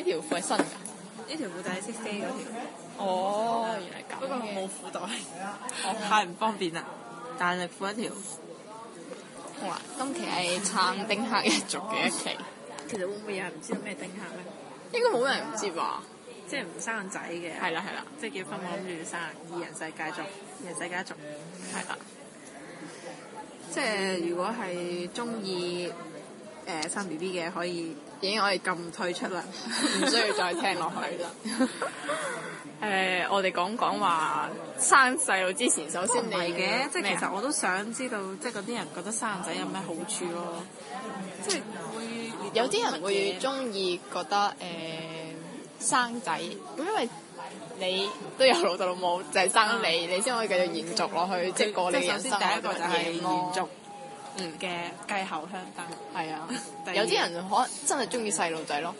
呢條褲係新㗎，呢條褲就係識飛嗰條。哦，原嚟咁嘅。不過冇褲袋，太唔方便啦。但係褲一條。好啦，今期係撐丁克一族嘅一期。其實會唔會有人唔知道咩丁克咧？應該冇人唔知喎。即係唔生仔嘅。係啦係啦。即係結婚冇諗住生二人世界族，二人世界族。係啦。即係如果係中意誒生 B B 嘅，可以。已經可以咁退出啦，唔需要再聽落去啦。誒， uh, 我哋講講話生細路之前，首先嚟嘅，嗯、麼即係其實我都想知道，即係嗰啲人覺得生仔有咩好處咯？對 即係會、嗯、有啲人會中意覺得誒、呃、 生仔，咁因為你都有老豆老母，就係、是、生你，你先可以繼續延續落去，嗯、即首先第一個就係延續。嘅繼後香燈係啊， 二有啲人可能真係中意細路仔咯。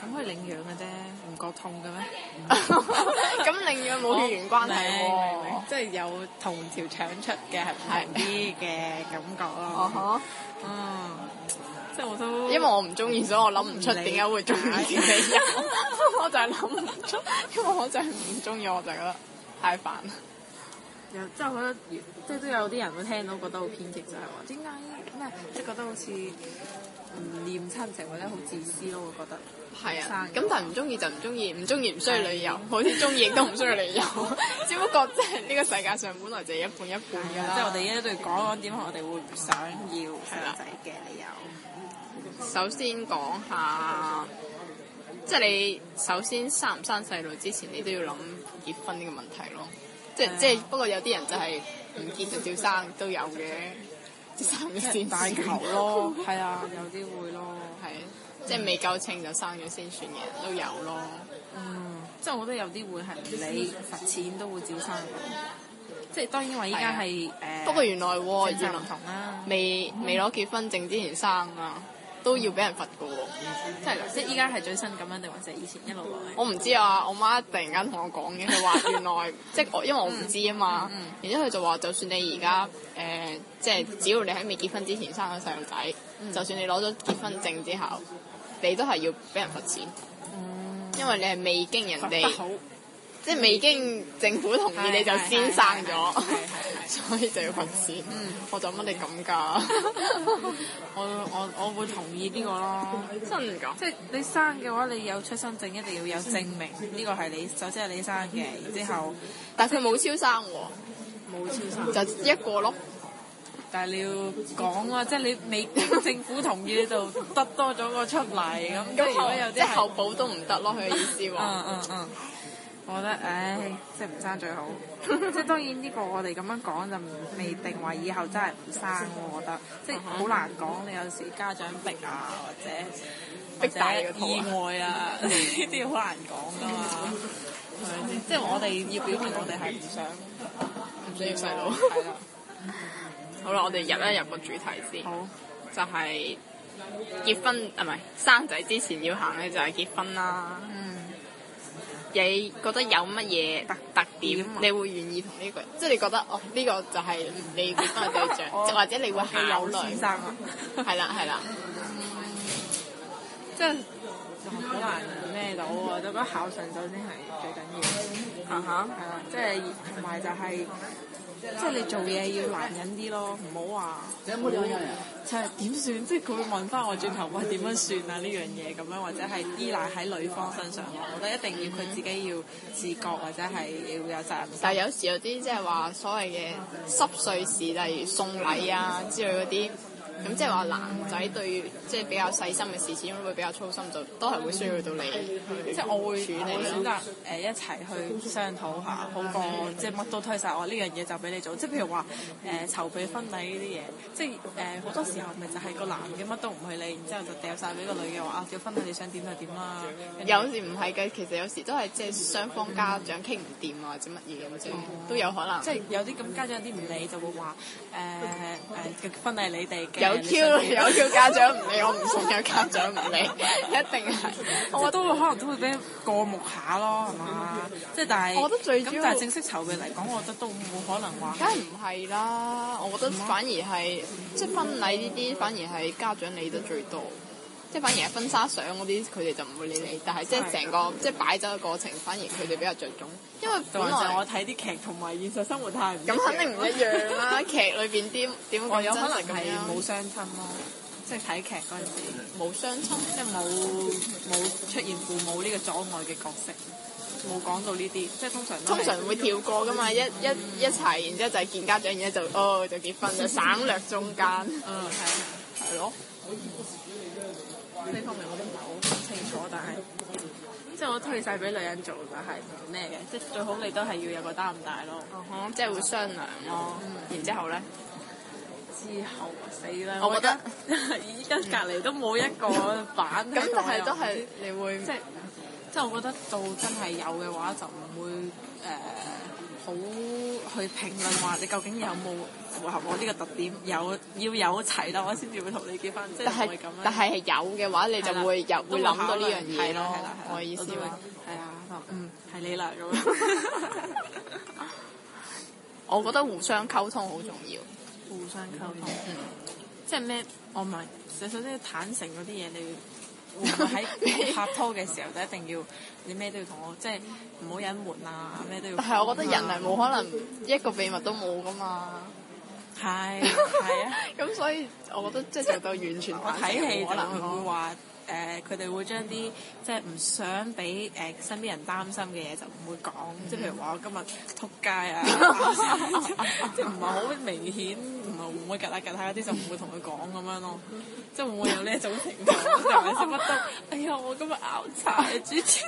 咁可以領養嘅啫，唔覺痛嘅咩？咁領養冇血緣關係喎、嗯，明明明即係有同條腸出嘅係啲嘅感覺咯。哦嗯，即係我都因為我唔中意，所以我諗唔出點解會中意自己。 我就係諗唔出，因為我就係唔中意，我就覺得太煩。又即係我覺得，即係都有啲人會聽到覺得好偏激，就係話點解咩？即係覺得好似唔念親情或者好自私咯，我覺得。係啊對，咁、嗯、但係唔中意就唔中意，唔中意唔需要理由，對好似中意亦都唔需要理由。 只不過即係呢個世界上本來就係一半一半嘅啦。即係、就是、我哋一路講講點解我哋會唔想要生仔嘅理由。對首先講下，即係、嗯、你首先生唔生細路之前，你都要諗結婚呢個問題咯。即係不過有啲人就係唔結就照生都有嘅，啲生咗先算咯。係 啊，有啲會咯，係啊， 即係未夠稱就生咗先算嘅都有咯。嗯，即係我覺得有啲會係唔理罰錢都會照生，嗯、即係當然話依家係誒。不過、啊啊、原來喎，而家唔同啦、啊，未未攞結婚證之前生啊。都要俾人罰嘅喎，真係㗎！即係依家係最新咁樣定或者以前一路落嚟？我唔知啊，我媽突然間同我講嘅，佢話原來 即係我，因為我唔知啊嘛。嗯嗯嗯、然之後佢就話，就算你而家誒，即係只要你喺未結婚之前生咗細路仔，嗯、就算你攞咗結婚證之後，你都係要俾人罰錢，嗯、因為你係未經人哋。罰得好。即係未經政府同意你就先生咗，所以就要罰錢。我就乜你咁噶？我我我會同意呢個咯。真㗎？即係你生嘅話，你有出生證一定要有證明，呢個係你首先係你生嘅。之後，但係佢冇超生喎，冇超生就一個咯。但係你要講啊，即係你未政府同意你就得多咗個出嚟咁。咁如果有啲後補都唔得咯，佢嘅意思喎。嗯嗯。我覺得唉，即係唔生最好。即係當然呢個我哋咁樣講就未定話以後真係唔生，我覺得即係好、嗯、難講。你有時家長逼啊，或者逼大意外啊，呢啲好難講噶嘛。即係、嗯就是、我哋要表明，我哋係唔想唔需要細路。係啦。好啦，我哋入一入個主題先，好，就係結婚啊，唔係生仔之前要行嘅就係、是、結婚啦。你覺得有乜嘢特特點，因為 你會願意同呢個人？即係你覺得哦，呢、呢個就係你結婚嘅對象， 或者你會考慮。係啦係啦，即係好難咩到喎？我覺得孝順首先係最緊要。啊、uh、哈，係、huh，啦、就是，即係同埋就係。即係你做嘢要男人啲咯，唔好話。有冇兩個就係點算？即係佢會問翻我轉頭話點樣算啊？呢樣嘢咁樣，或者係依賴喺女方身上咯。我覺得一定要佢自己要自覺，或者係要有責任。嗯、但係有時有啲即係話所謂嘅濕碎事，例如送禮啊之類嗰啲。咁即係話男仔對即係比較細心嘅事情，始終會比較粗心，就都係會需要到你，即係我會我選擇誒一齊去商討下，好過即係乜都推晒我呢樣嘢就俾你做。即係譬如話誒籌備婚禮呢啲嘢，即係誒好多時候咪就係個男嘅乜都唔去理，然之後就掉晒俾個女嘅話啊，婚禮你想點就點啦。有時唔係嘅，其實有時都係即係雙方家長傾唔掂啊，或者乜嘢咁啊，都有可能。即係有啲咁家長有啲唔理，就會話誒誒婚禮你哋嘅。有 Q，有 Q 家長唔理我唔送，有家長唔理，一定係，我都可能都會俾過目下咯，係嘛？即係但係，我覺得最主要，咁但係正式籌備嚟講，我覺得都冇可能話。梗係唔係啦？我覺得反而係，即係婚禮呢啲反而係家長理得最多。即係反而係婚紗相嗰啲，佢哋就唔會理你。但係即係成個即係擺酒嘅過程，反而佢哋比較著重。因為本來我睇啲劇同埋現實生活太唔。咁肯定唔一樣啦！劇裏邊啲點講我有可能係冇雙親咯，即係睇劇嗰陣時冇雙親，即係冇冇出現父母呢個阻礙嘅角色，冇講到呢啲，即係通常。通常會跳過㗎嘛，一一一齊，然之後就見家長，然之後就哦就結婚，就省略中間。嗯，係係咯。呢方面我都唔係好清楚，但係即係我推晒俾女人做但 就係唔咩嘅，即係最好你都係要有個擔大咯，即係會商量咯。然後呢 之後咧，之後死啦！我覺得依家隔離都冇一個板，咁係都係你會即係，即係 我覺得到真係有嘅話就唔會誒。Uh, 好去評論話你究竟有冇符合我呢個特點？有要有齊啦，我先至會同你結婚，即係唔會咁啦。但係但係係有嘅話，你就會有會諗到呢樣嘢咯。係啦，係啦，我嘅意思啊，係啊，嗯，係你啦咁樣。我覺得互相溝通好重要，互相溝通，嗯，即係咩？我唔係你首先坦誠嗰啲嘢，你要。喺 拍拖嘅時候就一定要，你咩都要同我，即係唔好隱瞞啊，咩都要、啊。但係我覺得人係冇可能一個秘密都冇噶嘛。係，係啊，咁所以我覺得即係做到完全坦誠，冇可能佢會話。誒佢哋會將啲即係唔想俾誒身邊人擔心嘅嘢就唔會講，即係譬如話我今日撲街啊，即係唔係好明顯，同埋唔會吉下吉下嗰啲就唔會同佢講咁樣咯，即係會唔會有呢一種情況？係咪乜都？哎呀，我今日拗柴，主持。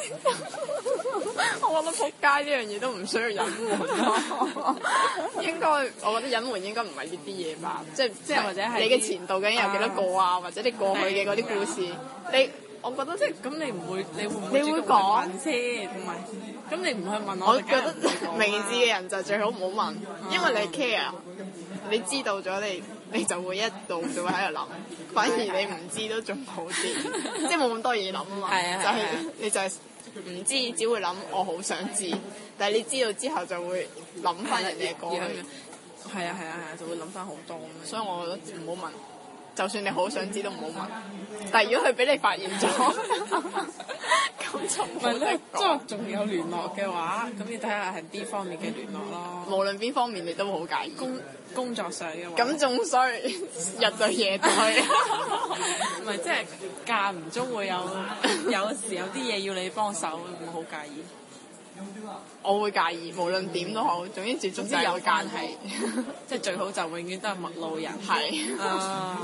我覺得撲街呢樣嘢都唔需要隱瞞。應該我覺得隱瞞應該唔係呢啲嘢吧，即係即係或者係你嘅前度究竟有幾多個啊？或者你過去嘅嗰啲故事。你，我覺得即係咁，你唔會，你會唔會主動問先？唔係說，咁你唔去問我。我覺得明智嘅人就最好唔好問，因為你 care、嗯、你知道咗、哦、你，你就會一度就會喺度諗。反而你唔知都仲好啲， 即係冇咁多嘢諗啊嘛。 嗯、就係、是、你就係唔知，只會諗我好想知。但係你知道之後就會諗翻人哋嘅過去。係啊係啊係啊，就會諗翻好多。所以我覺得唔好問。就算你好想知都唔好問，但係如果佢俾你發現咗，咁 就唔識講。唔係咧，即仲有聯絡嘅話，咁你睇下係邊方面嘅聯絡咯。無論邊方面，你都好介意。工工作上嘅話，咁仲衰，日對夜對，唔係即係間唔中會有，有時有啲嘢要你幫手，會唔會好介意？我會介意，無論點都好，總之總之有間隙，即係、嗯、 最好就永遠都係陌路人。係 啊，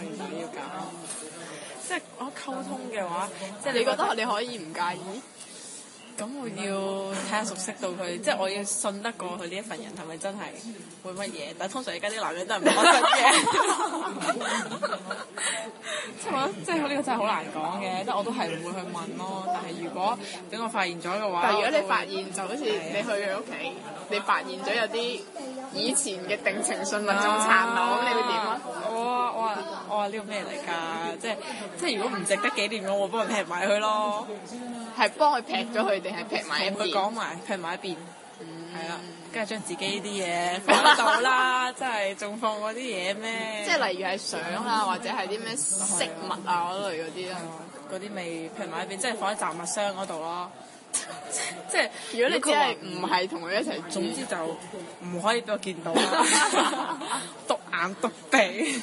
原來、哦、要咁，即係我溝通嘅話，嗯、即係你覺得你可以唔介意？咁我要睇下熟悉到佢， 即係我要信得過佢呢一份人係咪真係會乜嘢？ 但係通常而家啲男人真係唔可信嘅，即係我覺得即係呢個真係好難講嘅，即係我都係唔會去問咯。但係如果等我發現咗嘅話，但係如果你發現就好似你去佢屋企，對你發現咗有啲，以前嘅定情信物仲殘留，咁、啊、你會點啊？我我我話呢個咩嚟㗎？即係即係如果唔值得紀念，我我幫佢劈埋佢咯，係幫佢劈咗佢定係劈埋一佢講埋，劈埋一邊，係啊，跟住將自己啲嘢放走啦， 即係仲放嗰啲嘢咩？即係例如係相啊，或者係啲咩飾物啊嗰 類嗰啲咯，嗰啲未劈埋一邊，即係放喺雜物箱嗰度咯。 即係，如果你真係唔係同佢一齊，總之就唔可以再見到啦。篤眼篤鼻，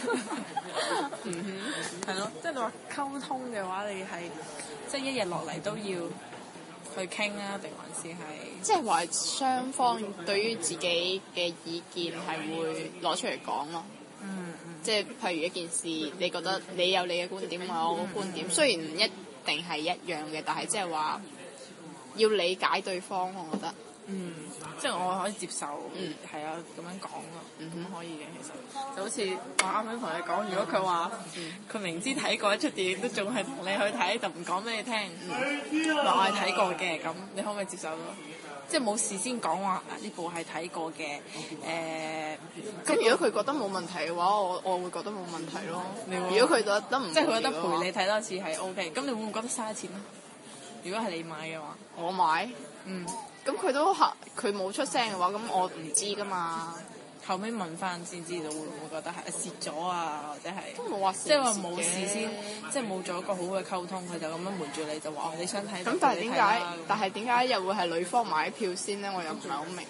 嗯哼，係咯。即係你話溝通嘅話，你係即係一日落嚟都要去傾啊，定還是係即係話雙方對於自己嘅意見係會攞出嚟講咯。嗯，即係譬如一件事，你覺得你有你嘅觀點，我有我嘅觀點，雖然唔一定係一樣嘅，但係即係話。要理解對方，我覺得，嗯，即係我可以接受，嗯，係啊，咁樣講咯，嗯，咁可以嘅其實，就好似我啱啱同你講，如果佢話佢明知睇過一出電影都仲係同你去睇，就唔講俾你聽，話我係睇過嘅，咁你可唔可以接受啊？即係冇事先講話呢部係睇過嘅，誒，咁如果佢覺得冇問題嘅話，我我會覺得冇問題咯。如果佢就得即係佢覺得陪你睇多次係 OK，咁你會唔會覺得嘥錢啊？如果係你買嘅話，我買，嗯，咁佢都嚇佢冇出聲嘅話，咁我唔知噶嘛。後尾問翻先知道，會唔會覺得係蝕咗啊，或者係都冇話，啊、即係話冇事先，即係冇做一個好嘅溝通，佢就咁樣瞞住你就、嗯、你話，你想睇咁，但係點解？但係點解又會係女方買票先咧？我又唔係好明。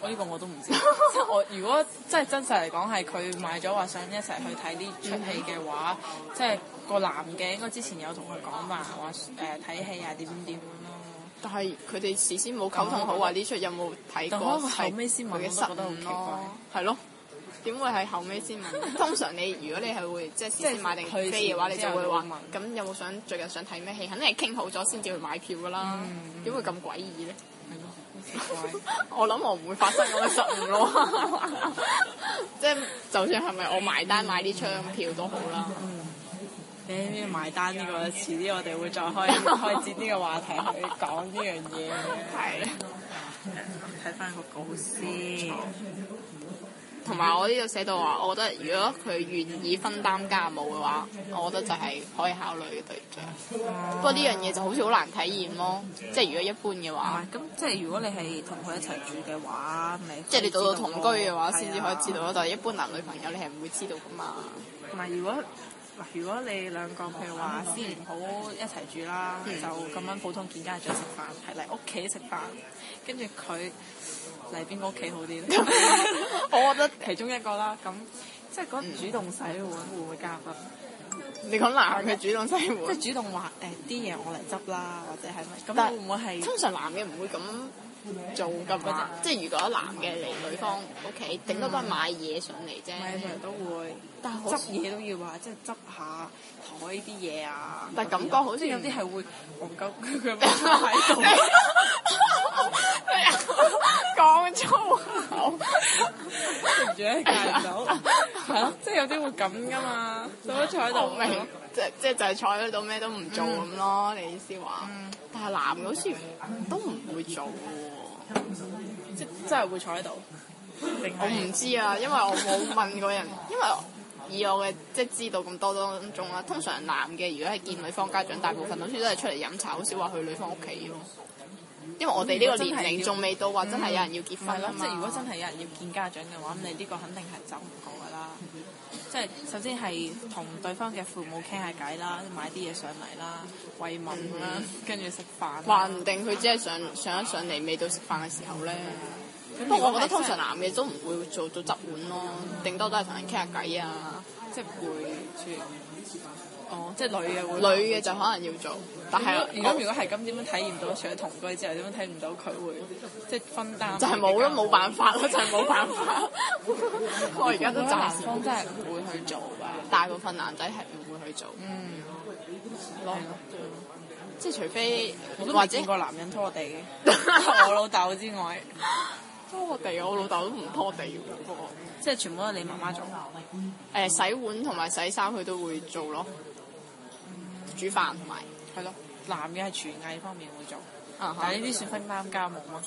我呢、哦呢個我都唔知，即係 我如果真係真實嚟講係佢買咗話想一齊去睇呢出戲嘅話，嗯嗯、即係個男嘅應該之前有同佢講吧，話誒睇戲啊點點點咯。但係佢哋事先冇溝通好話呢出有冇睇過、嗯，嗯嗯嗯、後尾先問我都覺得好奇怪咯，係咯。點會係後尾先問？通常你如果你係會即係先買定飛嘅話，你就會話問，咁有冇想最近想睇咩戲？肯定係傾好咗先至去買票㗎啦。點、嗯、會咁詭異咧？ 我諗我唔會發生咁嘅失誤咯、 就是，即係就算係咪我埋單買啲槍票都好啦。誒，埋單呢、呢個，遲啲我哋會再開開節呢個話題去講呢樣嘢。睇翻個稿先，同埋錯 我呢度寫到話，我覺得如果佢願意分擔家務嘅話，我覺得就係可以考慮嘅對象。啊、不過呢樣嘢就好似好難體驗咯，即係如果一般嘅話，咁、啊、即係如果你係同佢一齊住嘅話，咪的可即係你到到同居嘅話先至可以知道咯。啊、但係一般男女朋友你係唔會知道噶嘛。同埋如果。啊啊啊如果你兩個譬如話先唔好一齊住啦，嗯嗯就咁樣普通見家長食飯，係嚟屋企食飯，跟住佢嚟邊個屋企好啲？ 我覺得其中一個啦，咁即係講主動洗碗會唔會加分？你講男嘅主動洗碗，即係、就是、主動話誒啲嘢我嚟執啦，或者係咪？咁會唔會係通常男嘅唔會咁？做咁嗰啲，即係如果男嘅嚟女方屋企，OK，頂多都係買嘢上嚟啫。都會，但係執嘢都要、就是、啊，即係執下台啲嘢啊。但係感覺好似有啲係會黃金，佢唔喺度。講粗口，唔住啲戒唔到。係咯，即係有啲會咁噶嘛，做咗坐喺度？即即就係坐喺度咩都唔做咁咯、嗯，你意思話？嗯、但係男嘅好似、嗯、都唔會做喎，即真係會坐喺度。我唔知啊，因為我冇問過人。 因為以我嘅即係知道咁多當中啦，通常男嘅如果係見女方家長，大部分好似都係出嚟飲茶，好少話去女方屋企咯。因為我哋呢個年齡仲未到話真係有人要結婚咯，嗯、即係如果真係有人要見家長嘅話，咁你呢個肯定係走唔過噶啦。嗯、即係首先係同對方嘅父母傾下偈啦，買啲嘢上嚟啦，慰問啦，跟住食飯啊。話唔定佢只係上一上嚟未到食飯嘅時候咧。不過、嗯、如我覺得通常男嘅都唔會做到執碗咯，頂、嗯、多都係同人傾下偈啊，嗯嗯、即係攰哦，即係女嘅會，女嘅就可能要做。但係如果如果係咁，點樣體驗到？除咗同居之後，點樣睇唔到佢會即係分擔？就係冇咯，冇辦法咯，就係冇辦法。我而家都暫時，真係唔會去做㗎，大部分男仔係唔會去做。嗯，咯。即係除非我都未見過男人拖地，我老豆之外拖地啊！我老豆都唔拖地喎。即係全部都係你媽媽做。誒，洗碗同埋洗衫佢都會做咯。煮飯同埋，係咯，男嘅係廚藝方面會做，但係呢啲算分擔家務嗎？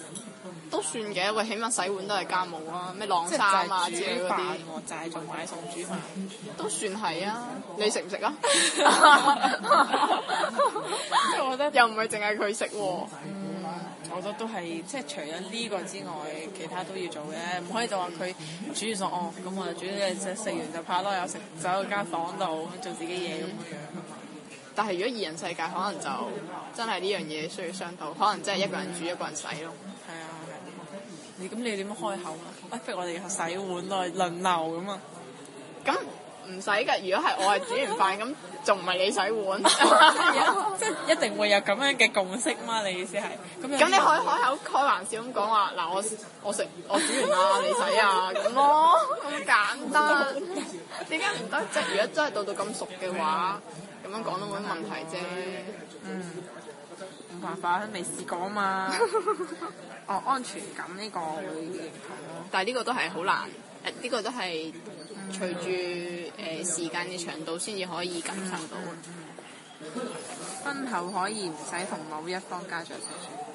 都算嘅，喂，起碼洗碗都係家務啊，咩晾衫啊之類嗰啲。煮飯或者仲買餸煮飯，都算係啊！你食唔食啊？即係我覺得又唔係淨係佢食喎。嗯，我覺得都係，即係除咗呢個之外，其他都要做嘅，唔可以就話佢煮完餸，哦，咁我就煮啲食完就怕落有食，走去間房度做自己嘢咁樣樣。但係如果二人世界，可能就真係呢樣嘢需要商討，可能真係一個人煮、嗯、一個人洗咯。係啊，你咁你點樣開口啊？不如我哋洗碗咯，輪流咁啊。咁唔使㗎，如果係我係煮完飯，咁仲唔係你洗碗？即係在 一定會有咁樣嘅共識嘛。你意思係？咁你可以開口開玩笑咁講話嗱，我我食我煮完啦，你洗啊咁咯，咁 簡單。點解唔得？即係如果真係到到咁熟嘅話。咁講都冇乜問題啫，嗯，冇辦法，未試過嘛。 哦，安全感呢個會同，但係呢個都係好難，誒、呃，呢、這個都係隨住誒時間嘅長度先至可以感受到。婚後、嗯嗯嗯嗯、可以唔使同某一方家長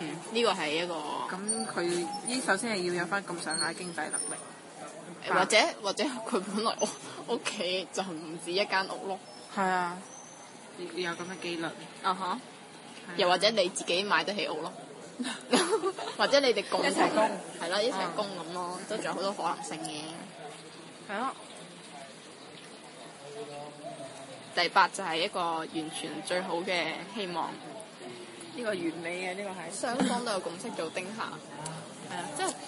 嗯，呢個係一個咁佢呢，首先係要有翻咁上下經濟能力，或者或者佢本來屋屋企就唔止一間屋咯，係啊。有咁嘅機率，啊哈、uh！Huh. Yeah. 又或者你自己買得起屋咯， 或者你哋共一齊供，係啦一齊工咁咯，uh. 都仲有好多可能性嘅。係咯。第八就係一個完全最好嘅希望，呢個完美嘅呢、呢個係雙方都有共識做丁克，係啊、uh. 就是，即係。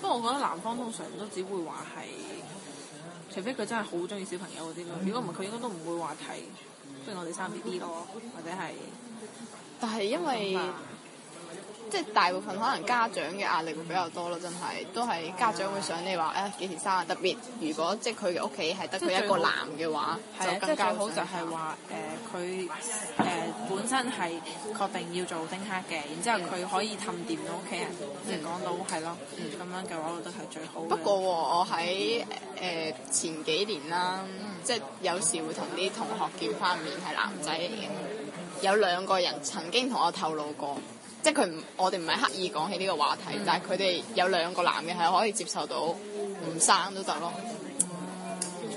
不過我覺得男方通常都只會話係，除非佢真係好中意小朋友嗰啲咯。如果唔係，佢應該都唔會話睇。不如我哋生 B B 咯，或者係，但係因為。即係大部分可能家長嘅壓力會比較多咯，真係都係家長會想你話誒、哎、幾時生日？特別如果即係佢嘅屋企係得佢一個男嘅話，最好就更加好。就係話誒佢誒本身係確定要做丁克嘅，然後之後佢可以氹掂、嗯嗯嗯、到屋企人，即講到係咯，咁、嗯、樣嘅話我覺得係最好。不過我喺誒、呃、前幾年啦，即係有時會同啲同學見翻面係男仔嚟嘅，有兩個人曾經同我透露過。即係佢唔，我哋唔係刻意講起呢個話題，但係佢哋有兩個男嘅係可以接受到唔生都得咯。嗯、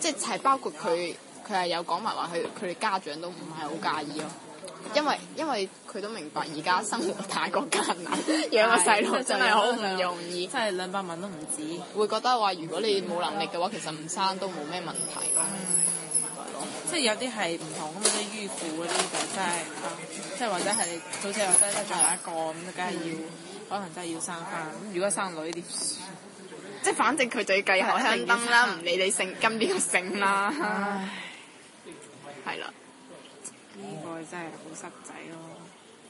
即係包括佢，佢係有講埋話，佢佢哋家長都唔係好介意咯、嗯。因為因為佢都明白而家生活太過艱難，嗯、是 養個細路真係好唔容易， 真係兩百萬都唔止。會覺得話如果你冇能力嘅話，其實唔生都冇咩問題。嗯。即係有啲係唔同啊，啲迂腐嗰啲就真係啊，即係或者係好似又真係仲有一個咁，梗係要，可能真係要生翻。如果生女啲，即係反正佢就要繼後香燈啦，唔理你姓今年個姓啦。嗯、唉，係啦的，呢個真係好塞仔咯，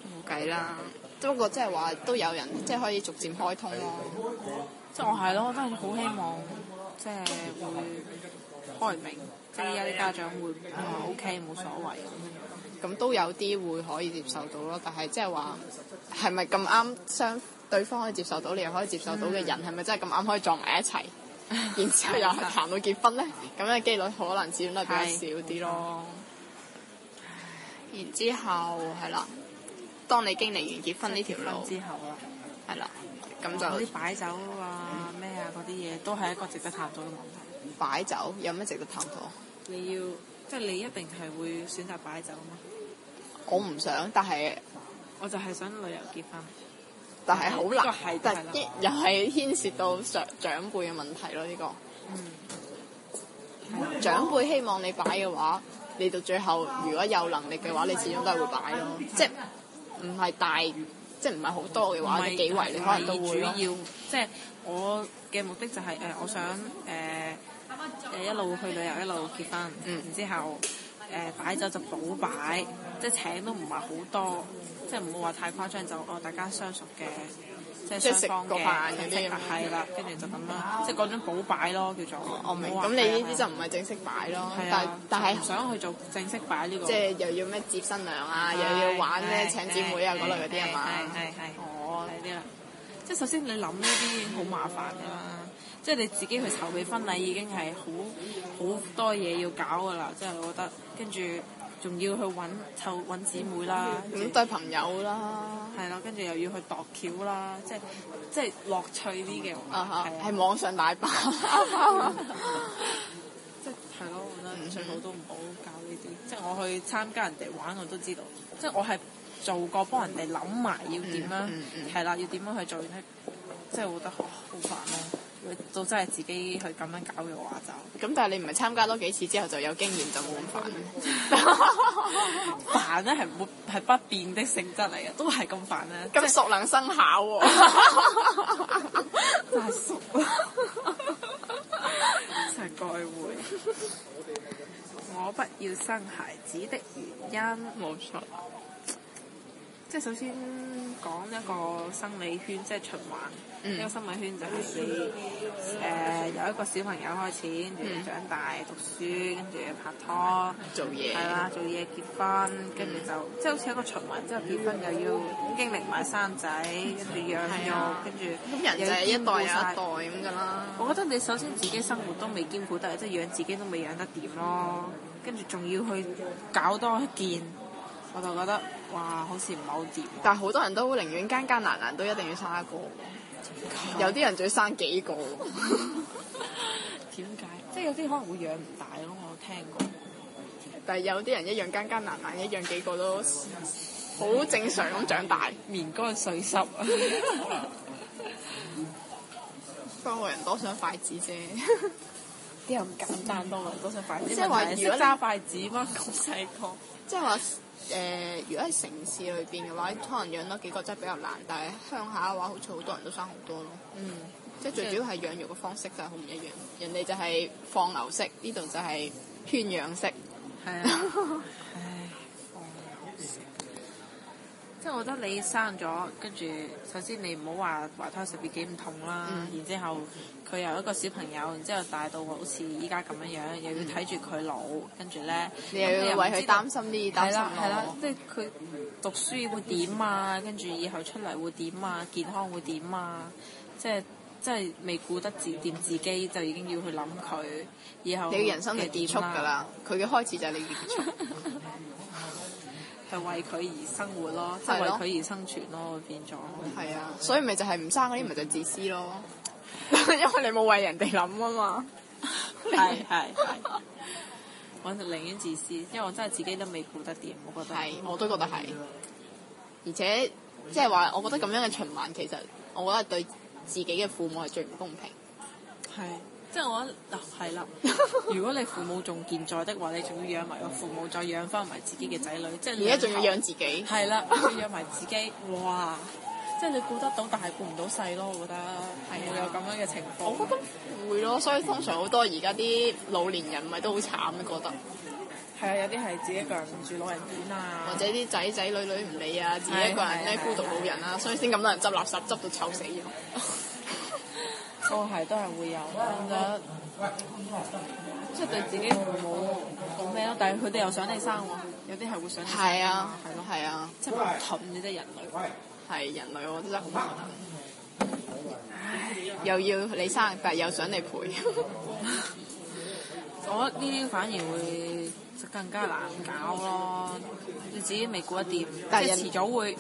冇計啦。不過即係話都有人，即係、嗯、可以逐漸開通咯。即係、嗯哦就是、我係咯，我真係好希望即係、就是、會開明。即係依家啲家長會、uh, OK 冇所謂咁，都、嗯、有啲會可以接受到咯。但係即係話係咪咁啱相對方可以接受到，你又可以接受到嘅人係咪真係咁啱可以撞埋一齊，嗯、然之後又係談到結婚咧？咁嘅 機率可能自然都比較少啲咯。嗯、然之後係啦，當你經歷完結婚呢條路之後啦，係啦，咁就嗰啲擺酒啊咩啊嗰啲嘢，都係一個值得談到嘅問題。擺酒有咩值得探討？你要即係你一定係會選擇擺酒嘛？我唔想，但係我就係想旅遊結婚，但係好難。又係牽涉到長長輩嘅問題咯，呢個。嗯。長輩希望你擺嘅話，你到最後如果有能力嘅話，你始終都係會擺咯。即係唔係大，即係唔係好多嘅話，你幾圍你可能都會。主要即係我嘅目的就係誒，我想誒。一路去旅遊一路結婚，然之後誒擺酒就補擺，即係請都唔係好多，即係唔會話太誇張。就哦，大家相熟嘅，即係食個飯嗰啲，係啦，跟住就咁樣，即係嗰種補擺咯，叫做。我明。咁你呢啲就唔係正式擺咯，但但係想去做正式擺呢個。即係又要咩接新娘啊，又要玩咩請姊妹啊嗰類嗰啲係嘛？係係係。哦，呢啲啦，即係首先你諗呢啲已經好麻煩啦。即係你自己去籌備婚禮已經係好好多嘢要搞㗎啦，即係我覺得跟住仲要去揾湊姊妹啦，揾對朋友啦，係啦，跟住又要去度橋啦，即係即係樂趣啲嘅，係啊，網上大包，即係係咯，我覺得最好都唔好搞呢啲，即係我去參加人哋玩，我都知道，即係我係做過幫人哋諗埋要點樣，係啦，要點樣去做咧，即係我覺得好煩咯。到真係自己去咁樣搞嘅話，就咁。但係你唔係參加多幾次之後就有經驗，就冇咁煩。 煩咧係唔會係不變的性質嚟嘅，都係咁煩咧。咁熟能生巧喎。真係熟喇。真係該會，我不要生孩子的原因，冇錯。即係首先講一個生理圈，即係循環。一個生理圈就係你誒由一個小朋友開始，跟住長大、讀書，跟住拍拖，做嘢，係啦，做嘢結婚，跟住就即係好似一個循環。之後結婚又要經歷埋生仔，跟住養育，跟住咁人就係一代又一代咁噶啦。我覺得你首先自己生活都未兼顧得，即係養自己都未養得掂咯，跟住仲要去搞多一件。我就覺得，哇，好似唔係好掂。但係好多人都寧願艱艱難難都一定要生一個，有啲人仲要生幾個喎。點解？即係有啲可能會養唔大咯，我聽過。但係有啲人一樣艱艱難難，一樣幾個都好正常咁長大，棉乾絮濕。多個人多雙筷子啫。啲人簡單多個人多雙筷子，即係話如果揸筷子乜？咁細個。即係話。誒、呃，如果喺城市裏邊嘅話，可能養多幾個真係比較難。但係鄉下嘅話，好似好多人都生好多咯。嗯，即係最主要係養育嘅方式就係好唔一樣，人哋就係放牛式，呢度就係圈養式。係啊。 即係我覺得你生咗，跟住首先你唔好話懷胎十月幾唔痛啦，嗯、然之後佢由一個小朋友，然之後大到好似依家咁樣樣，嗯、又要睇住佢老，跟住咧，你又要為佢擔心啲擔心咯。即係佢讀書會點啊？跟住以後出嚟會點啊？健康會點啊？即係即係未顧得掂自己，自己就已經要去諗佢，然後你人生嘅結束㗎啦。佢嘅開始就係你結束。係為佢而生活對咯，即係為佢而生存對咯，變生存，變咗係啊。所以咪就係唔生嗰啲咪就是、自私咯，嗯、 因為你冇為人哋諗啊嘛。係係係，我寧願自私，因為我真係自己都未顧得掂，我覺得係，我都覺得係。嗯、而且即係話，就是、我覺得咁樣嘅循環，其實我覺得對自己嘅父母係最唔公平。係。即係我覺得，嗱係啦，如果你父母仲健在的話，你仲要養埋個父母，再養翻埋自己嘅仔女。即係而家仲要養自己。係啦，要養埋自己， 哇！即係你顧得到，但係顧唔到細咯，我覺得。係啊。 有咁樣嘅情況。我覺得會咯，所以通常好多而家啲老年人咪都好慘嘅、啊，覺得。係啊，有啲係自己一個人住老人院啊。或者啲仔仔女女唔理啊，自己一個人咧，孤獨老人啊，所以先咁多人執垃圾執到臭死咁。 哦，係都係會有，咁樣即係對自己父母講咩咯？但係佢哋又想你生喎，有啲係會想。係啊，係咯，係啊，即係矛盾嘅啫人類，係人類喎，真係好矛盾，又要你生，但係又想你陪。我覺得呢啲反而會就更加難搞咯，你自己未顧得掂，但係人遲早會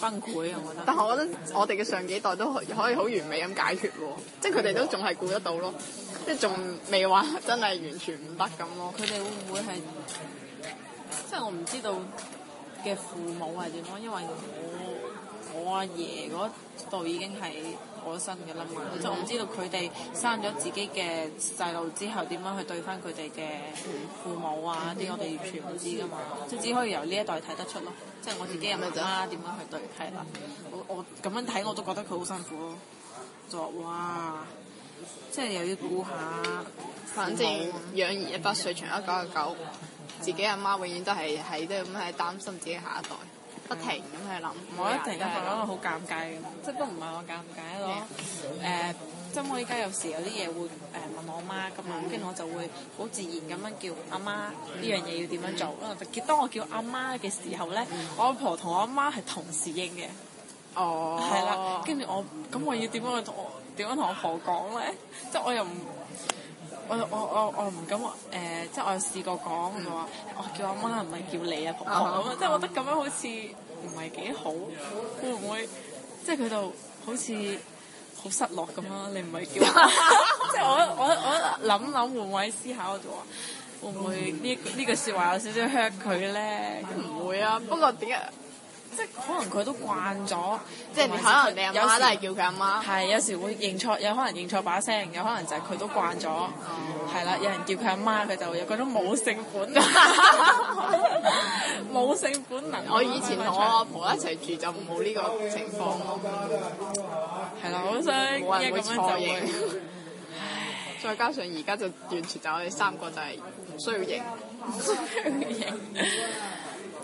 崩潰啊！我覺得， 但係我覺得我哋嘅上幾代都可以好完美咁解決喎，即係佢哋都仲係顧得到咯，即係仲未話真係完全唔得咁咯。佢哋會唔會係？即係我唔知道嘅父母係點樣，因為我我阿爺嗰度已經係我身嘅啦嘛，就唔 知道佢哋生咗自己嘅細路之後點樣去對翻佢哋嘅父母啊啲，我哋完全唔知噶嘛，即係 只可以由呢一代睇得出咯。即、就、係、是、我自己有阿媽點樣去對，係啦、就是。我我咁樣睇我都覺得佢好辛苦咯。就話，哇！即、就、係、是、又要估下，反正養兒一百歲，長憂九十九，自己阿媽，媽永遠都係喺都咁喺擔心自己下一代。不停咁去度諗，我一定覺得好尷尬嘅，即係都唔係我尷尬咯。誒、嗯，即係我依家有時有啲嘢會誒問我媽㗎嘛，跟住、嗯、我，我就會好自然咁樣叫阿媽呢樣嘢要點樣做。跟住、嗯、當我叫阿媽嘅時候咧，嗯、我阿婆同我阿媽係同時應嘅，哦，係啦。跟住我咁我要點樣同我點樣同我婆講咧？即 係我又唔～我我我我唔敢話誒、呃，即係我有試過講，我話我叫阿媽，唔係叫你啊，婆婆。嗯、咁樣，即係我覺得咁樣好似唔係幾好，嗯、會唔會、嗯、即係佢度好似好失落咁啊？嗯、你唔係叫我， 即係我我我諗諗換位思考，我就話會唔會呢呢句説話有少少 hurt 佢咧？唔、嗯、會啊，不過點解？即係可能佢都慣咗，即係是可能你阿媽都係叫佢阿媽。係，有時會認錯，有可能認錯把聲，有可能就係佢都慣咗，係啦。有人叫佢阿媽，佢就會有嗰種母性本能，母 性本能。 我以前同我阿婆，婆一齊住就冇呢個情況。係啦， 我想一咁樣就會， 再加上而家就完全就我哋三個就係唔需要認，唔需要認。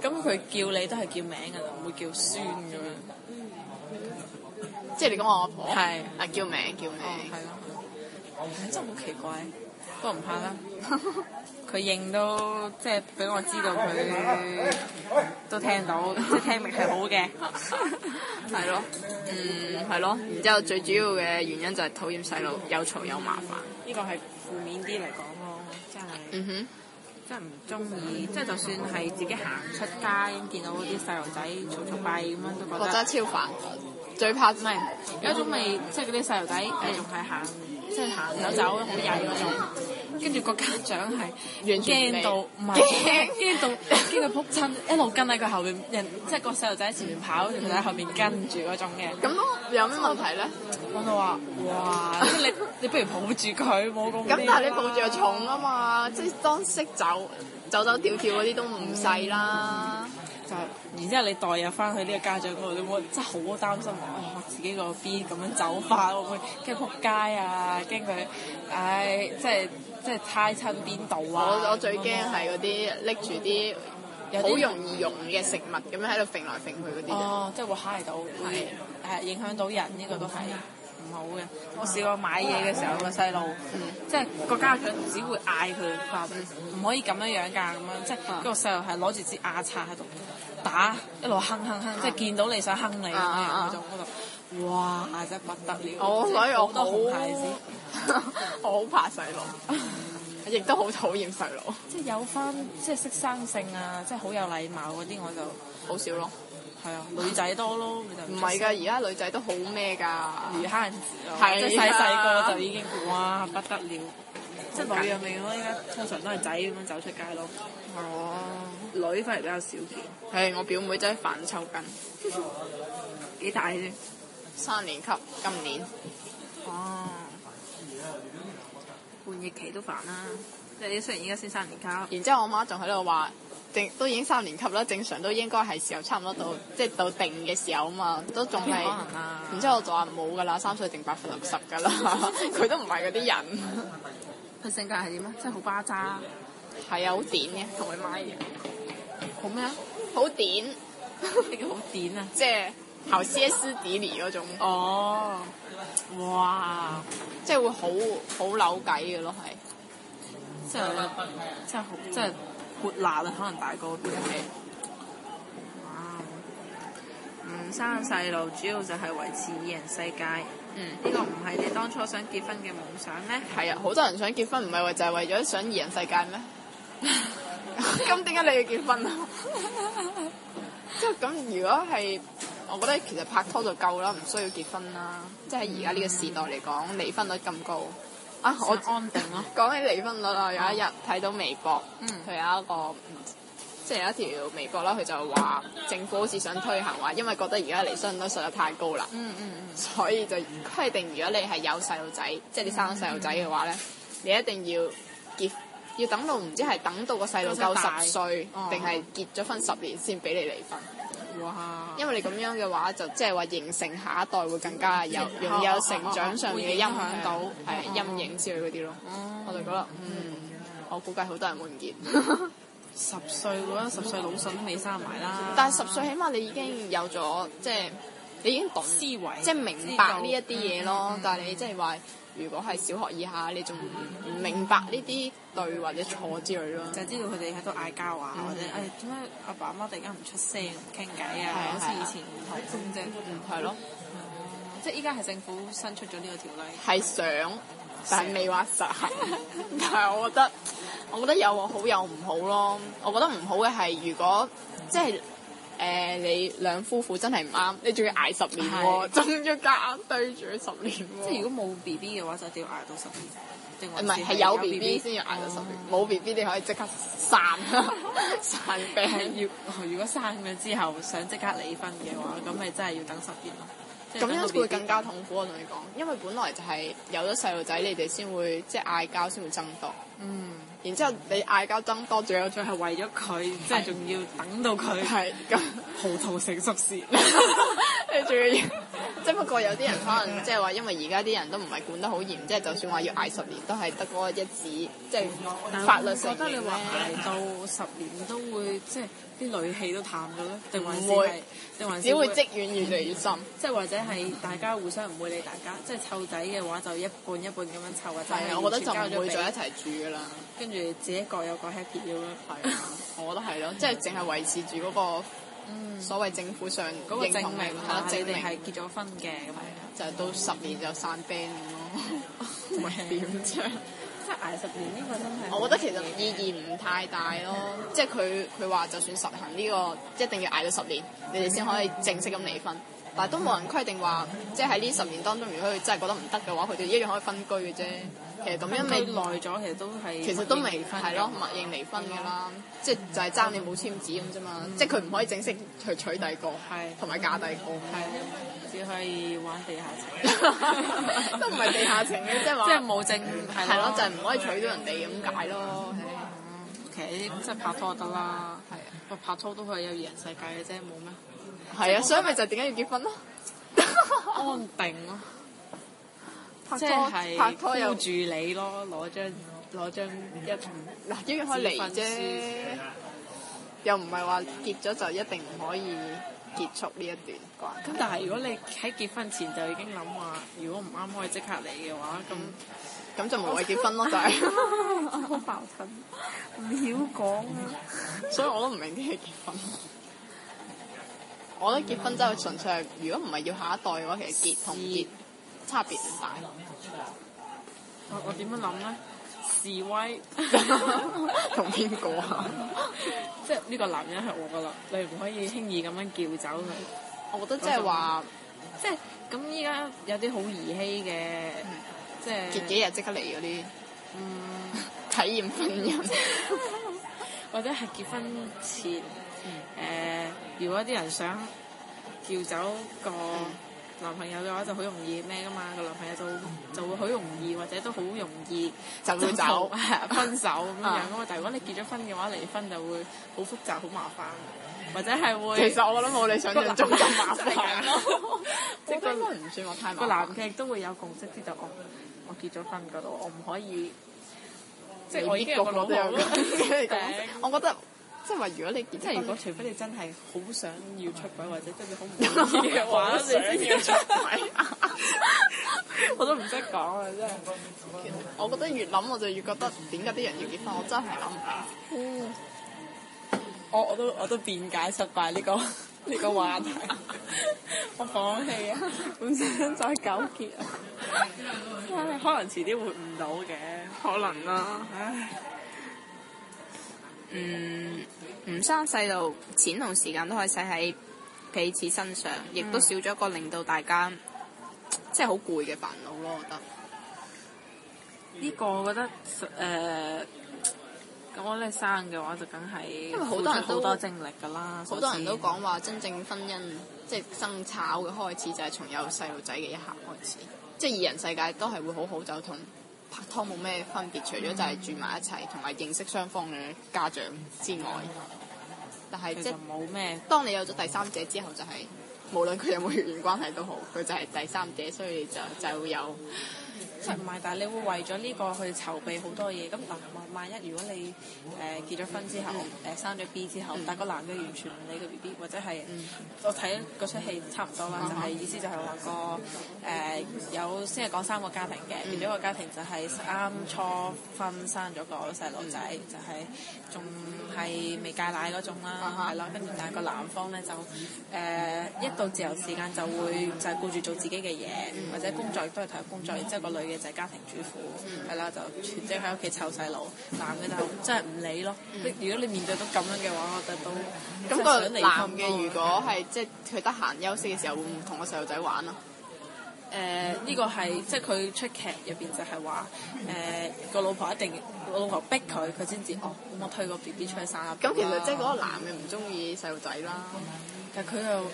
咁佢叫你都係叫名噶啦，唔會叫孫咁樣。即係你講我阿婆，婆，係啊叫名叫名，係咯名、哦嗯。真係好奇怪，都不 都唔怕啦。佢認都即係俾我知道佢都聽到，即係 聽明係好嘅，係 咯 了。嗯，係咯。然之後最主要嘅原因就係討厭細路，又嘈又麻煩。呢、嗯呢個係負面啲嚟講咯，真係。嗯哼。真係唔中意，即係就算係自己行出街，見到啲細路仔嘈嘈閉咁樣，嗯、都覺得我真係超煩。最怕咩、就係，有一種味，即係嗰啲細路仔仲係行，即係行走走好曳嗰種。跟住個家長係驚到，唔係驚到，驚佢撲親，一路跟喺佢後面，人即係個細路仔喺前面跑，佢喺 後面跟住嗰種嘅。咁都 有咩問題咧？我就話：哇， 即係你你不如抱住佢，冇咁、啊。咁但係你抱住又重啊嘛，即係當識走，走走走跳跳嗰啲都唔細啦。 就然之後你代入翻去呢個家長嗰度， 你會真係好擔心我、 哎、自己個 B 咁樣走法，我會驚仆街啊，驚佢，唉、哎，即係即係猜親邊度啊！我我最驚係嗰啲拎住啲好容易溶嘅食物，咁樣喺度揈來揈去嗰啲。 哦，即係會 high 到，係係的影響到人呢、呢個都係。 唔好嘅，我試過買嘢嘅時候個細路，即係個家長只會嗌佢話唔可以咁樣樣㗎，咁樣即係個細路係攞住支牙刷喺度打一路哼哼哼，即係見到你想哼你咁樣嗰度、啊啊啊，哇真係不得了！我所以我都好，我好怕細路，亦 都好討厭細路。 即係有翻即係識生性啊，即係好有禮貌嗰啲，我就好少咯。係啊，女仔多咯，唔係噶，而家女仔都好咩噶，魚蝦子啊，的即係細細個就已經 哇不得了，即係內入面咯，依家通常都係仔咁樣走出街咯，哦、啊，女翻嚟比較少見，係我表妹仔煩抽筋，幾 大咧、啊？三年級今年，哦，叛逆期都煩啦，即係雖然依家先三年級，年啊、然之後我媽仲喺度話。都已經三年級啦，正常都應該係時候差唔多到，即係到定嘅時候啊嘛，都仲係。然之後就話冇㗎啦，三歲定百分六十㗎啦，佢都唔係嗰啲人、哎。佢 性格係點啊？即係好巴渣。係啊，好點嘅同佢媽一好咩啊？好點？咩叫好點啊？即係好歇斯底里嗰種。哦，哇！即係會好好扭計嘅咯，係。即係，即係好，即係。活辣啦，可能大個啲。哇！唔生細路，主要就係維持二人世界。嗯，呢、這個唔係你當初想結婚嘅夢想咩？係啊，好多人想結婚，唔、就、係、是、為就係為咗想二人世界咩？咁點解你要結婚啊？即係咁，如果係，我覺得其實拍拖就夠啦，唔需要結婚啦。即係而家呢個時代嚟講，嗯、離婚率咁高。啊！我安定咯。講起離婚率啊，嗯、有一日睇到微博，佢、嗯、有一個，即係有一條微博啦，佢就話政府好似想推行話，因為覺得而家離婚率實在太高啦、嗯，嗯嗯嗯，所以就規定如果你係有細路仔，嗯、即係你生咗細路仔嘅話咧，嗯、你一定要結，要等到唔知係等到個細路夠十歲，定係結咗婚十年先俾你離婚。嗯嗯。因為你咁樣嘅話，就即係話形成下一代會更加有容易有成長上面嘅影響到，係陰影之類嗰啲咯。我就覺得，嗯，我估計好多人會唔件。十歲，我覺得十歲腦囟都未生埋啦。但係十歲，起碼你已經有咗，即係你已經懂思維，即係明白呢一啲嘢咯。但係你即係話。如果係小學以下，你仲唔明白呢啲對或者錯之類咯，就係知道佢哋喺度嗌交啊，或者誒點解阿爸阿媽突然間唔出聲傾偈啊，好似的以前唔睇風啫，係咯的、嗯，即係依家係政府新出咗呢個條例，係想的但係未話實行， 但係我覺得我覺得有好有唔好咯，我覺得唔好嘅係如果即係。誒、呃，你兩夫婦真係唔啱，你仲要挨十年仲、啊、的要夾硬對住佢十年、啊、即係如果冇 B B 嘅話，就要挨到十年唔係，係有 B B 先要挨到十年，冇 B B 你可以即刻散 散病。但係要 如果生咗之後想即刻離婚嘅話，咁咪真係要等十年咯。咁樣會更加痛苦，我同你講，因為本來就係有咗細路仔，你哋先會即係嗌交，先會爭多。嗯。然之後你嗌交，增多，仲有仲係為咗佢，即係仲要等到佢，係咁葡萄成熟時。 跟住， 不過有啲人可能即係話，因為而家啲人都唔係管得好嚴，即、就、係、是、就算話要挨十年，都係得嗰一紙，即係法律上面覺得你話挨到十年都會即係啲戾氣都淡咗咧，定還是定會還是會只會積怨越嚟越深？嗯、即係或者係大家互相唔會理大家，即係湊仔嘅話就一半一半咁樣湊啊。係啊對，我覺得就唔會再一齊住噶啦。跟住自己各有各 happy 咯。係， 我覺得係咯，即係淨係維持住嗰、那個。嗯，所謂政府上嗰個證明，嚇你哋係結咗婚嘅，對就到十年就散 band 咯，唔係點啫？即係捱十年呢個真係的， 我覺得其實意義唔太大咯。嗯、即係佢佢話，就算實行呢個，嗯、一定要捱到十年，嗯、你哋先可以正式咁離婚。嗯 但係都冇人規定話，即係喺呢十年當中，如果佢真係覺得唔得嘅話，佢哋一樣可以分居嘅啫。其實咁樣咪耐咗，其實都係其實都未分係咯，默認離婚嘅啦。即係就係爭你冇簽紙咁啫嘛。即係佢唔可以正式去娶第二個，同埋嫁第二個，只可以玩地下情，都唔係地下情嘅，即係話即係冇證。係咯，就係唔可以娶到人哋咁解咯。OK，即係拍拖就得啦。係啊，拍拖都係有二人世界嘅啫，冇咩。係啊，所以咪就點解要結婚咯？安定咯、啊， 拍拖拍拖又住你咯，攞張攞張一，嗱，只要可以離啫，又唔係話結咗就一定唔可以結束呢一段啩？咁但係如果你喺結婚前就已經諗話，如果唔啱可以即刻嚟嘅話，咁咁就無謂結婚咯，就係。好矛盾，唔曉講，所以我都唔明點解結婚。我覺得結婚真係純粹係，如果唔係要下一代嘅話，其實結同結差別唔大。我我點樣諗咧？示威同邊個啊？即係呢個男人係我㗎喇，你唔可以輕易咁樣叫走佢。我覺得即係話，即係咁依家有啲好兒戲嘅，即係結幾日即刻嚟嗰啲。嗯，體驗婚姻或者係結婚前誒。如果啲人想調走個男朋友嘅話，就好容易咩噶嘛？個男朋友就就會好容易，或者都好容易就，就會走分手咁樣。咁但、嗯、如果你結咗婚嘅話，離婚 就會好複雜、好麻煩，或者係會其實我諗冇你想像中咁麻煩咯子。即係應該唔算話太麻煩。個男嘅都會有共識，知道我我結咗婚嗰度，我唔可以，即係我已經有個老婆。 我覺得。即係話如果你，即係如果除非你真係好想要出軌或者對佢好唔滿意嘅話，你先要出軌。我都唔識講啊，真係。我覺得越諗我就越覺得點解啲人要結婚，我真係諗唔到。我都我都我都辯解失敗呢、呢個呢個話題，eh? 我放棄啊，唔想再糾結啊。可能遲啲會唔到嘅，可能啦，唉。嗯，唔生細路，錢同時間都可以使喺彼此身上，亦都少咗一個令到大家、嗯、即係好攰嘅煩惱咯。我覺得呢、嗯、個我覺得誒，咁我哋生嘅話就梗係，因為好多人好多精力㗎啦，好多人都講話真正婚姻即係爭吵嘅開始就係從有細路仔嘅一刻開始，即係二人世界都係會好好走痛。拍拖冇咩分別，除咗就係住埋一齊，同埋認識雙方嘅家長之外，但係即係冇咩。當你有咗第三者之後，就係，就係無論佢有冇血緣關係都好，佢就係第三者，所以就就會有。唔係，但係你會為咗呢個去籌備好多嘢。咁但係萬萬一，如果你誒結咗婚之後，誒生咗 B 之後，但係個男嘅完全唔理個 BB，或者係我睇出戲差唔多啦，就係意思就係話個誒有先係講三個家庭嘅，其中一個家庭就係啱初婚生咗個細路仔，就係仲係未戒奶種啦，係啦，跟住但係個男方咧就誒一到自由時間就會就係顧住做自己嘅嘢，或者工作亦都係投入工作，即係個女嘅。就係家庭主婦，係啦、嗯，就全職喺屋企湊細路，嗯、男嘅就真係唔理咯。嗯、即如果你面對到咁樣嘅話，我覺得都感覺、嗯、男嘅如果係、嗯、即係佢得閒休息嘅時候，嗯、會唔同個細路仔玩啊？.誒呢、呃這個係即係佢出劇入邊就係話誒個老婆一定，個老婆逼佢，佢先至：「哦。咁我、嗯、推個 B B 出去生啦。咁、嗯、其實即係嗰個男嘅唔中意細路仔啦，但係佢又，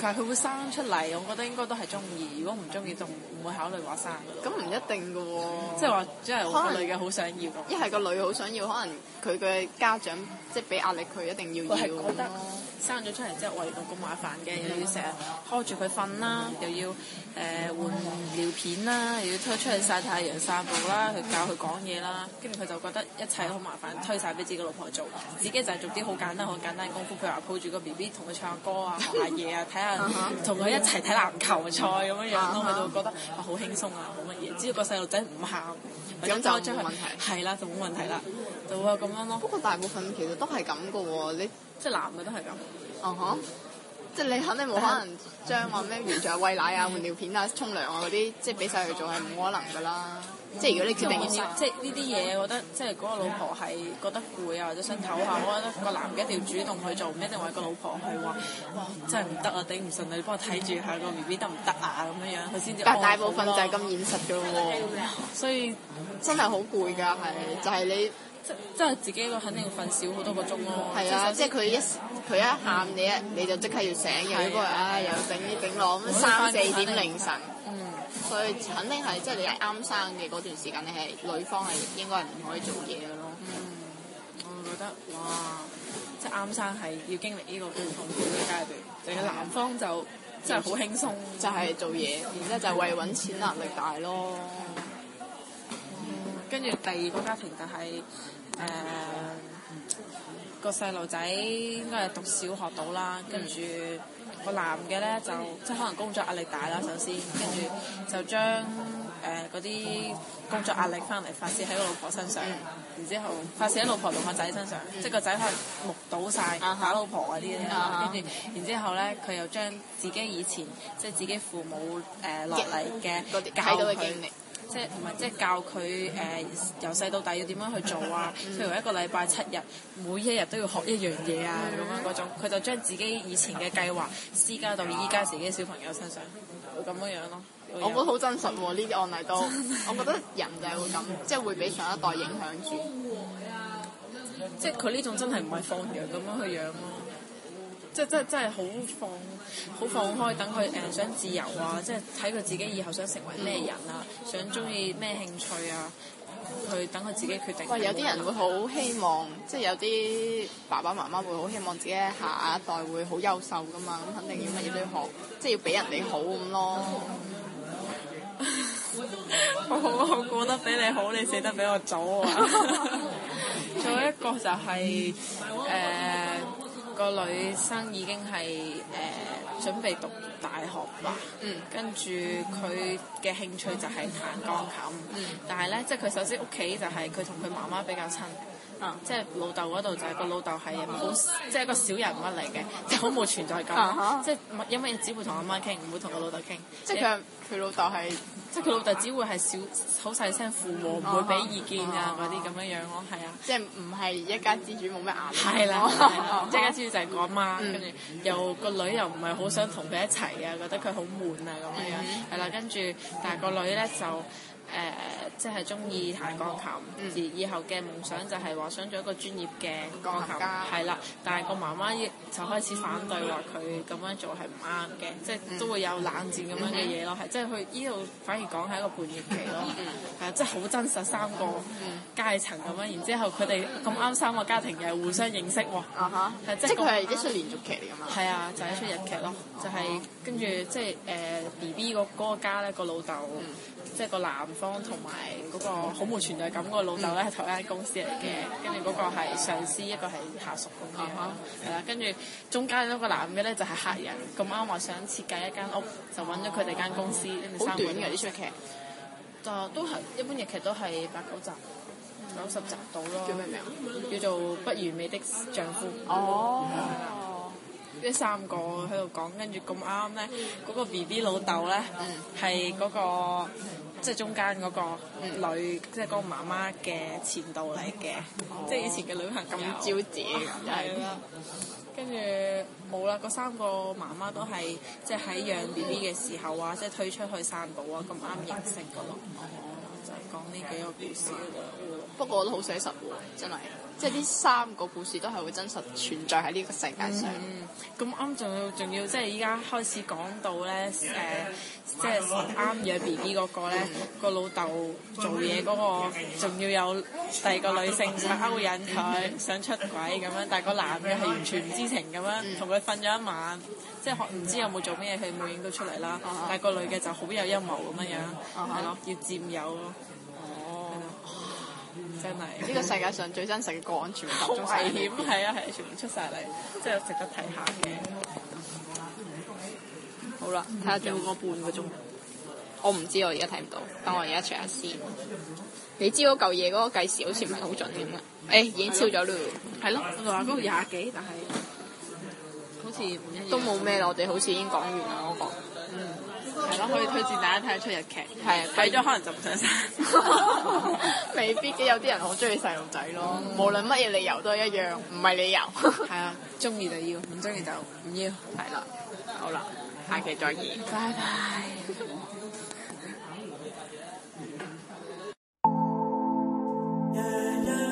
但係佢會生出嚟，我覺得應該都係中意。如果唔中意，就唔會考慮話生。咁唔一定嘅喎，即係話即係可能女嘅好想要，一係個女好想要，可能佢嘅家長即係俾壓力，佢一定要要咯。生咗出嚟之後，哇，原來咁麻煩嘅，又要成日開住佢瞓啦，又要誒換尿片啦，又要推出去晒太陽散步啦，去教佢講嘢啦，跟住佢就覺得一切好麻煩，推晒俾自己老婆做，自己就係做啲好簡單、好簡單嘅功夫。譬如話抱住個 B B 同佢唱下歌啊，做下嘢啊，睇下同佢一齊睇籃球賽咁 樣樣咯，佢就覺得好輕鬆啊，冇乜嘢，只要個細路仔唔喊。咁就冇問題，係啦，就冇問題啦，就會咁樣咯。不過大部分其實都係咁噶喎，你即係男嘅都係咁。哦嗬、uh。Huh. 即係你肯定冇可能將話咩，完全喂奶啊、 換尿片啊、沖涼啊嗰啲，即係俾曬佢做係唔可能㗎啦。即係如果你決定要，即係呢啲嘢，我覺得即係嗰個老婆係覺得攰啊，或者想唞下，我覺得個男嘅一定要主動去做，唔一定話個老婆係話，哇，真係唔得啊，頂唔順啊，你幫我睇住下個 B B 得唔得啊咁樣樣，佢先至。但大部分就係咁現實㗎喎， 所以真係好攰㗎，係就係、係、你。即即係自己個，肯定要瞓少好多個鐘咯。係啊，即係佢一佢一喊你一，你就即刻要醒嘅。不過又整啲整落咁，三四點凌晨。嗯。所以肯定係即係你啱生嘅嗰段時間，你係女方係應該係唔可以做嘢嘅咯。嗯。我覺得哇，即係啱生係要經歷呢個最痛苦嘅階段，就係男方就真係好輕鬆，就係做嘢，然之後就為揾錢壓力大咯。跟住第二個家庭就係、是、誒、呃嗯、個細路仔應該係讀小學到啦，跟住個男嘅咧就即係可能工作壓力大啦，首先跟住就將誒嗰啲工作壓力翻嚟發泄喺個老婆身上，嗯、然之後發泄喺老婆同個仔身上，嗯、即係個仔可能目睹晒曬打老婆嗰啲咧，嗯啊、跟住然之後咧佢又將自己以前即係自己父母誒落嚟嘅教到嘅經歷。即係同埋即係教佢誒由細到大要點樣去做啊！譬 如一個禮拜七日，每一日都要學一樣嘢啊，咁樣嗰種，佢就將自己以前嘅計劃施加到依家自己小朋友身上，會咁樣樣、啊、咯。我覺得好真實喎、啊，呢啲 案例都， 我覺得人就係會咁， 即係會俾上一代影響住。即係佢呢種真係唔係放養咁樣去養咯。即係真係即係好放好放開，等佢誒想自由啊！即係睇佢自己以後想成為咩人啊，想中意咩興趣啊，去等佢自己決定。喂！有啲人會好希望，嗯、即係有啲爸爸媽媽會好希望自己下一代會好優秀噶嘛，咁肯定要乜嘢都要學，即係、嗯、要俾人哋好咁咯。我 好，好，好過得比你好，你死得比我早啊！仲 有一個就係、是、誒。呃個女生已經係誒、呃、準備讀大學啦，嗯，跟住佢嘅興趣就係彈鋼琴，嗯，但係咧，即係佢首先屋企就係佢同佢媽媽比較親。即係老豆嗰度就係個老豆係冇，即係一個小人物嚟嘅，就好冇存在感。即係因為只會同阿媽傾，唔會同個老豆傾。即係佢佢老豆係，即係佢老豆只會係小好細聲附和，唔會俾意見啊嗰啲咁樣樣咯。係啊，即係唔係一家之主冇咩壓力。係啦，一家之主就係個阿媽，跟住又個女又唔係好想同佢一齊啊，覺得佢好悶啊咁樣樣。係啦，跟住但係個女咧就。誒，即係中意彈鋼琴，而以後嘅夢想就係話想做一個專業嘅鋼琴家，係啦。但係個媽媽就開始反對話佢咁樣做係唔啱嘅，即係都會有冷戰咁樣嘅嘢咯。係即係佢呢度反而講係一個叛逆期咯。係啊，即係好真實三個階層咁樣，然之後佢哋咁啱三個家庭又互相認識，即係佢係一出連續劇嚟㗎嘛。係啊，就係一出日劇咯，就係跟住即係誒 B B 個個家咧個老豆，即係個男。同埋嗰個好冇存在感嗰個老豆咧，係同一間公司嚟嘅。跟住嗰個係上司，一個係下屬咁樣。係啦，跟住中間嗰個男嘅咧就係客人咁啱話想設計一間屋，就揾咗佢哋間公司。好短嘅啲劇，就都係一般日劇都係八九集、九十集到咯。叫咩名？叫做《不完美的丈夫》。哦哦，三個喺度講，跟住咁啱咧，嗰個 B B 老豆咧係嗰個。即係中間嗰個女，即係嗰個媽媽嘅前度嚟嘅，即係、哦、以前嘅旅行咁招致咁，啦、哦。跟住冇啦，嗰 對 三個媽媽都係即係喺養 B B 嘅時候啊，即、就、係、是、推出去散步啊，咁啱認識個咯。就係講呢幾個故事，不過我都好寫實喎，真係。 即係呢三個故事都係會真實存在喺呢個世界上。咁啱仲要仲要即係依家開始講到咧，誒、呃，即係啱養 BB 嗰個咧，個老豆做嘢嗰個，仲要有第二個女性想勾引佢，嗯、想出軌咁樣，但係個男嘅係完全唔知情咁樣，同佢瞓咗一晚，即係唔知有冇做咩，佢冇影到出嚟啦。啊、哈但係個女嘅就好有陰謀咁樣，係咯、啊哈，要佔有。真係呢個世界上最真實嘅個案，全部集中曬，危險係啊，全部出晒嚟，真係值得睇下嘅。好啦，睇下仲有冇半個鐘？我唔知我而家睇唔到，等我而家 check 下先。嗯、你知嗰嚿嘢嗰個計時好似唔係好準嘅。誒、嗯哎，已經超咗咯。係咯的了，我話嗰個廿幾，但係好似都冇咩啦，我哋好似已經講完啦嗰個。嗯係咯，可以推薦大家睇一出日劇。係啊，睇咗可能就唔想生。 未必嘅，有啲人好中意細路仔咯。嗯、無論乜嘢理由都一樣，唔係理由。係 啊，中意就要，唔中意就唔要。係啦了，好啦，下期再見。拜拜。